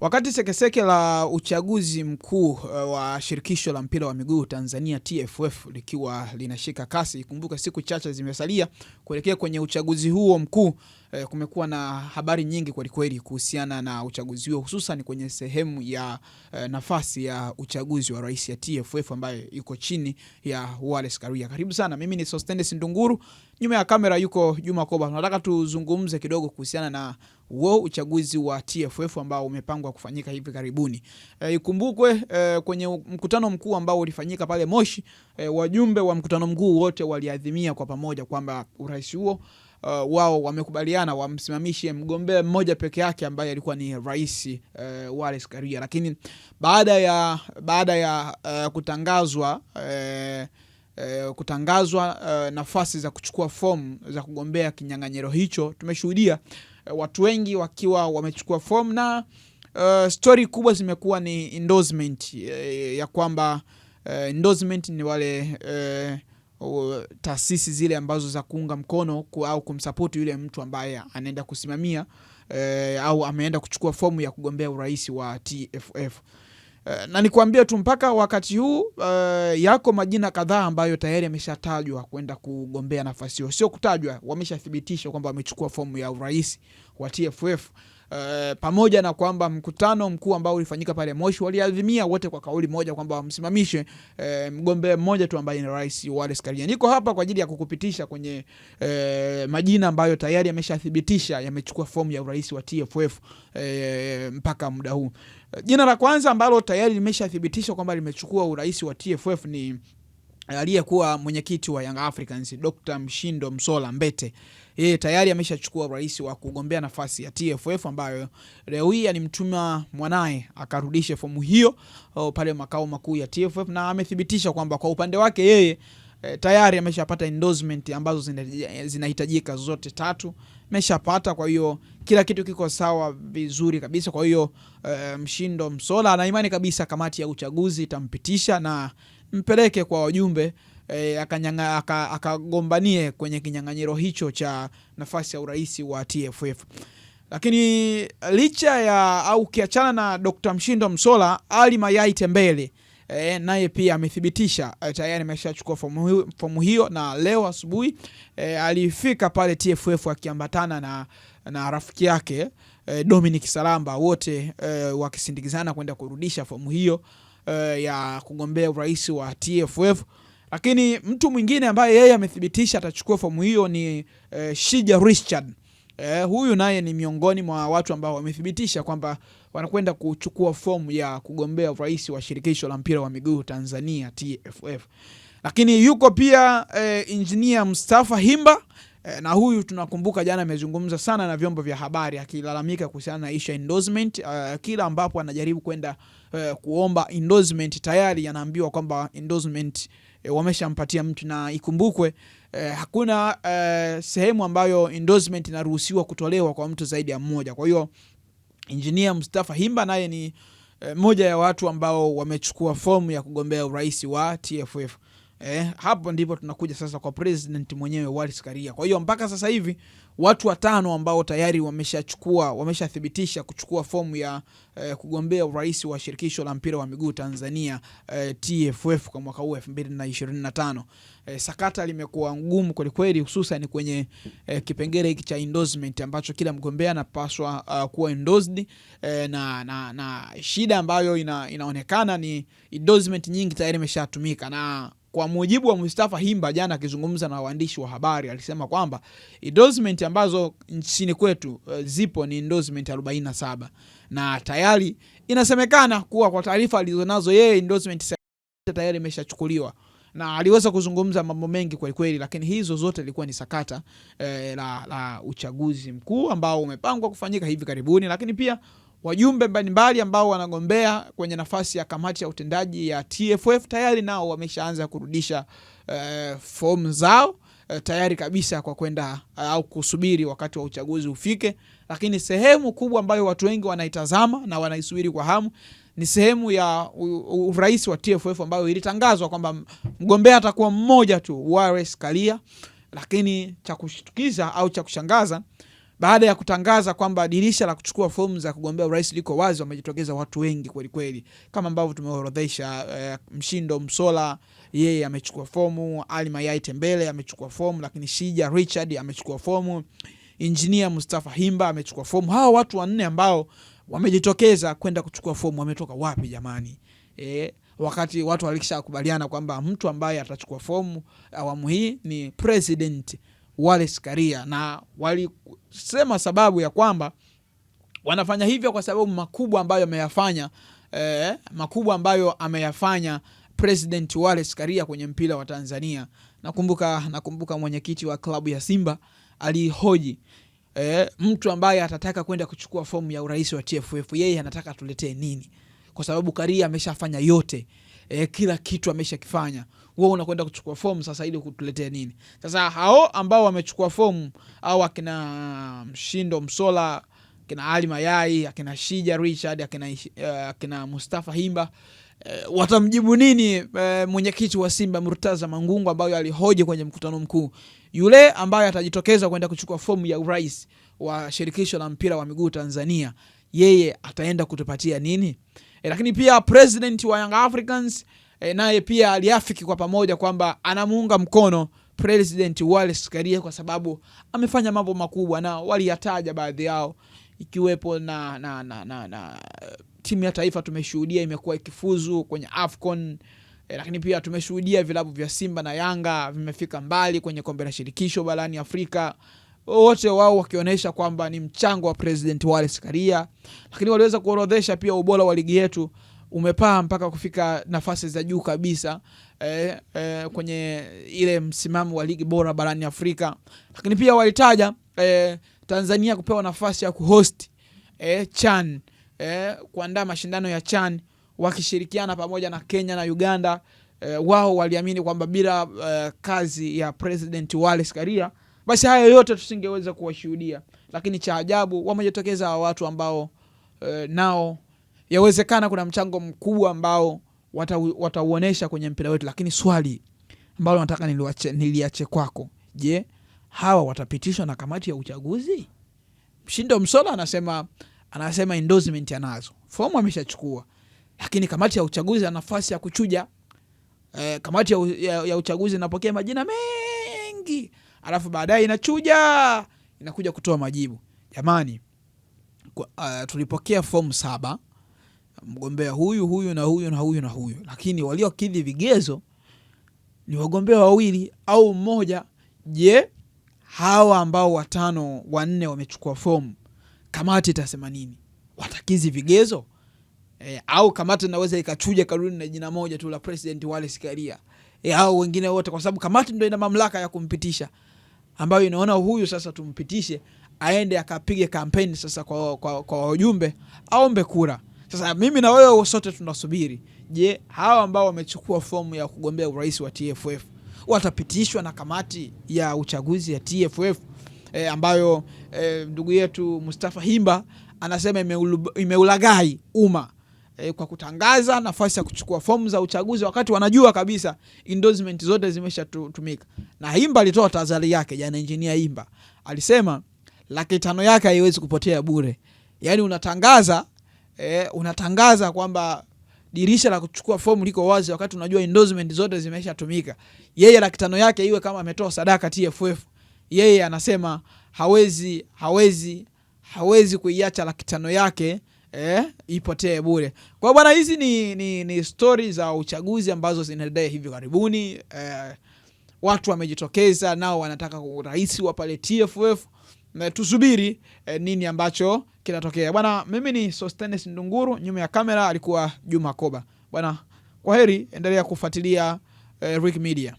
Wakati sekeseke la uchaguzi mkuu uh, wa shirikisho la mpira wa miguu Tanzania TFF likiwa linashika kasi, ikumbuke siku chache zimesalia kuelekea kwenye uchaguzi huo mkuu. Uh, kumekuwa na habari nyingi kwelikweli kuhusiana na uchaguzi huo, hususan kwenye sehemu ya uh, nafasi ya uchaguzi wa rais ya TFF ambayo iko chini ya Wallace Karia. Karibu sana, mimi ni Sostenes Ndunguru, nyuma ya kamera yuko Juma Koba. Tunataka tuzungumze kidogo kuhusiana na wo uchaguzi wa TFF ambao umepangwa kufanyika hivi karibuni. E, ikumbukwe e, kwenye mkutano mkuu ambao ulifanyika pale Moshi e, wajumbe wa mkutano mkuu wote waliadhimia kwa pamoja kwamba urais huo Uh, wao wamekubaliana wamsimamishe mgombea mmoja peke yake ambaye alikuwa ni rais uh, Wallace Karia, lakini baada ya, baada ya uh, kutangazwa uh, uh, kutangazwa uh, nafasi za kuchukua fomu za kugombea kinyang'anyiro hicho tumeshuhudia Eh, watu wengi wakiwa wamechukua fomu na uh, eh, stori kubwa zimekuwa ni endorsement uh, ya kwamba uh, endorsement ni wale uh, taasisi zile ambazo za kuunga mkono ku, au kumsapoti yule mtu ambaye anaenda kusimamia uh, au ameenda kuchukua fomu ya kugombea urais wa TFF. Eh, na nikuambie tu mpaka wakati huu uh, yako majina kadhaa ambayo tayari yameshatajwa kwenda kugombea nafasi hiyo, sio kutajwa, wameshathibitishwa kwamba wamechukua fomu ya urais wa TFF. Eh, pamoja na kwamba mkutano mkuu ambao ulifanyika pale Moshi waliadhimia wote kwa kauli moja kwamba wamsimamishe e, mgombea mmoja tu ambaye ni Rais Wallace Karia. Niko hapa kwa ajili ya kukupitisha kwenye e, majina ambayo tayari yameshathibitisha yamechukua fomu ya urais wa TFF e, mpaka muda huu. Jina la kwanza ambalo tayari limeshathibitishwa kwamba limechukua urais wa TFF ni aliyekuwa mwenyekiti wa Young Africans Dr. Mshindo Msola Mbete, yeye tayari ameshachukua urais wa kugombea nafasi ya TFF ambayo leo hii alimtuma mwanaye akarudishe fomu hiyo pale makao makuu ya TFF, na amethibitisha kwamba kwa upande wake yeye e, tayari ameshapata endorsement ambazo zinahitajika zina zote tatu ameshapata. Kwa hiyo kila kitu kiko sawa vizuri kabisa. Kwa hiyo e, Mshindo Msola ana imani kabisa kamati ya uchaguzi itampitisha na mpeleke kwa wajumbe e, akagombanie aka kwenye kinyang'anyiro hicho cha nafasi ya urais wa TFF. Lakini licha ya au kiachana na Dr. Mshindo Msola, Ali Mayai Tembele E, naye pia amethibitisha e, tayari ameshachukua fomu hiyo, na leo asubuhi e, alifika pale TFF akiambatana na, na rafiki yake e, Dominic Salamba, wote e, wakisindikizana kwenda kurudisha fomu hiyo uh, ya kugombea urais wa TFF. Lakini mtu mwingine ambaye yeye amethibitisha atachukua fomu hiyo ni uh, Shija Richard. Eh, huyu naye ni miongoni mwa watu ambao wamethibitisha kwamba wanakwenda kuchukua fomu ya kugombea urais wa shirikisho la mpira wa miguu Tanzania TFF. Lakini yuko pia eh, injinia Mustafa Himba Eh, na huyu tunakumbuka jana amezungumza sana na vyombo vya habari akilalamika kuhusiana na isha endorsement. Uh, kila ambapo anajaribu kwenda uh, kuomba endorsement tayari anaambiwa kwamba endorsement uh, wameshampatia mtu, na ikumbukwe uh, hakuna uh, sehemu ambayo endorsement inaruhusiwa kutolewa kwa mtu zaidi ya mmoja. Kwa hiyo engineer Mustafa Himba naye ni uh, moja ya watu ambao wamechukua fomu ya kugombea urais wa TFF. Eh, hapo ndipo tunakuja sasa kwa president mwenyewe Wallace Karia. Kwa hiyo mpaka sasa hivi watu watano ambao tayari wameshachukua wameshathibitisha kuchukua fomu ya eh, kugombea urais wa shirikisho la mpira wa miguu Tanzania eh, TFF kwa mwaka huu 2025. Eh, sakata limekuwa ngumu kweli kweli hususan kwenye eh, kipengele hiki cha endorsement ambacho kila mgombea anapaswa uh, kuwa endorsed eh, na, na, na shida ambayo ina, inaonekana ni endorsement nyingi tayari imeshatumika na kwa mujibu wa Mustafa Himba, jana akizungumza na waandishi wa habari, alisema kwamba endorsement ambazo nchini kwetu eh, zipo ni endorsement 47 na tayari inasemekana kuwa kwa taarifa alizonazo yeye endorsement tayari imeshachukuliwa na aliweza kuzungumza mambo mengi kwelikweli kweli, lakini hizo zote ilikuwa ni sakata eh, la, la uchaguzi mkuu ambao umepangwa kufanyika hivi karibuni, lakini pia wajumbe mbalimbali ambao wanagombea kwenye nafasi ya kamati ya utendaji ya TFF tayari nao wameshaanza kurudisha uh, eh, fomu zao uh, tayari kabisa kwa kwenda uh, au kusubiri wakati wa uchaguzi ufike. Lakini sehemu kubwa ambayo watu wengi wanaitazama na wanaisubiri kwa hamu ni sehemu ya urais wa TFF ambayo ilitangazwa kwamba mgombea atakuwa mmoja tu, Wallace Karia. Lakini cha kushtukiza au cha kushangaza baada ya kutangaza kwamba dirisha la kuchukua fomu za kugombea urais liko wazi, wamejitokeza watu wengi kweli kweli, kama ambavyo tumeorodhesha eh, Mshindo Msola yeye amechukua fomu, Ali Mayai Tembele amechukua fomu, lakini Shija Richard amechukua fomu, Injinia Mustafa Himba amechukua fomu. Hawa watu wanne ambao wamejitokeza kwenda kuchukua fomu wametoka wapi jamani? Eh, wakati watu walishakubaliana kwamba mtu ambaye atachukua fomu awamu hii ni president wale sikaria na walisema sababu ya kwamba wanafanya hivyo kwa sababu makubwa ambayo ameyafanya eh, makubwa ambayo ameyafanya President Wallace Karia kwenye mpira wa Tanzania. Nakumbuka, nakumbuka mwenyekiti wa klabu ya Simba alihoji eh, mtu ambaye atataka kwenda kuchukua fomu ya urais wa TFF yeye anataka tuletee nini? Kwa sababu Karia ameshafanya yote eh, kila kitu ameshakifanya wewe unakwenda kuchukua fomu sasa ili kutuletea nini? Sasa hao ambao wamechukua fomu au akina Mshindo Msola, akina Ali Mayai, akina Shija Richard, akina, uh, akina Mustafa Himba uh, watamjibu nini uh, mwenyekiti wa Simba Murtaza Mangungu ambayo alihoji kwenye mkutano mkuu yule ambaye atajitokeza kwenda kuchukua fomu ya urais wa shirikisho la mpira wa miguu Tanzania, yeye ataenda kutupatia nini? E, lakini pia president wa Young Africans e, naye pia aliafiki kwa pamoja kwamba anamuunga mkono President Wallace Karia kwa sababu amefanya mambo makubwa, na waliyataja baadhi yao ikiwepo na, na, na, na, na eh, timu ya taifa tumeshuhudia imekuwa ikifuzu kwenye Afcon e, lakini pia tumeshuhudia vilabu vya Simba na Yanga vimefika mbali kwenye kombe la shirikisho barani Afrika, wote wao wakionyesha kwamba ni mchango wa President Wallace Karia, lakini waliweza kuorodhesha pia ubora wa ligi yetu umepaa mpaka kufika nafasi za juu kabisa eh, eh, kwenye ile msimamo wa ligi bora barani Afrika, lakini pia walitaja eh, Tanzania kupewa nafasi ya kuhost eh, CHAN eh, kuandaa mashindano ya CHAN wakishirikiana pamoja na Kenya na Uganda. Eh, wao waliamini kwamba bila eh, kazi ya President Wallace Karia basi hayo yote tusingeweza kuwashuhudia, lakini cha ajabu wamejitokeza watu ambao eh, nao yawezekana kuna mchango mkubwa ambao watauonesha wata kwenye mpira wetu, lakini swali ambalo nataka niliache kwako, je, hawa watapitishwa na kamati ya uchaguzi? Mshindo Msola anasema anasema endorsement anazo, fomu ameshachukua, lakini kamati ya uchaguzi ana nafasi ya kuchuja. E, kamati ya, ya, ya uchaguzi inapokea majina mengi alafu baadaye inachuja inakuja kutoa majibu. Jamani, uh, tulipokea fomu saba mgombea huyu huyu na huyu na huyu na huyu, lakini waliokidhi vigezo ni wagombea wawili au mmoja. Je, hawa ambao watano wanne wamechukua fomu, kamati itasema nini? Watakizi vigezo e? Au kamati inaweza ikachuja karudi na jina moja tu la President Wallace Karia e, au wengine wote, kwa sababu kamati ndio ina mamlaka ya kumpitisha, ambayo inaona huyu sasa tumpitishe aende akapige kampeni sasa kwa, kwa, kwa wajumbe aombe kura. Sasa mimi na wewe sote tunasubiri, je, hawa ambao wamechukua fomu ya kugombea urais wa TFF watapitishwa na kamati ya uchaguzi ya TFF e, ambayo e, ndugu yetu Mustafa Himba anasema imeulagai umma e, kwa kutangaza nafasi ya kuchukua fomu za uchaguzi wakati wanajua kabisa endorsement zote zimeshatumika. Na Himba alitoa tazari yake jana, injinia Himba alisema laki tano yake haiwezi kupotea bure, yaani unatangaza eh, unatangaza kwamba dirisha la kuchukua fomu liko wazi, wakati unajua endorsement zote zimeshatumika. Yeye laki tano yake iwe kama ametoa sadaka TFF, yeye anasema hawezi hawezi hawezi kuiacha laki tano yake eh, ipotee bure. Kwa bwana, hizi ni, ni, ni stori za uchaguzi ambazo zinaendelea hivi karibuni eh, watu wamejitokeza nao wanataka wa pale TFF na tusubiri e, nini ambacho kinatokea bwana. Mimi ni Sostenes Ndunguru, nyuma ya kamera alikuwa Juma Koba bwana. Kwa heri, endelea kufuatilia e, Rick Media.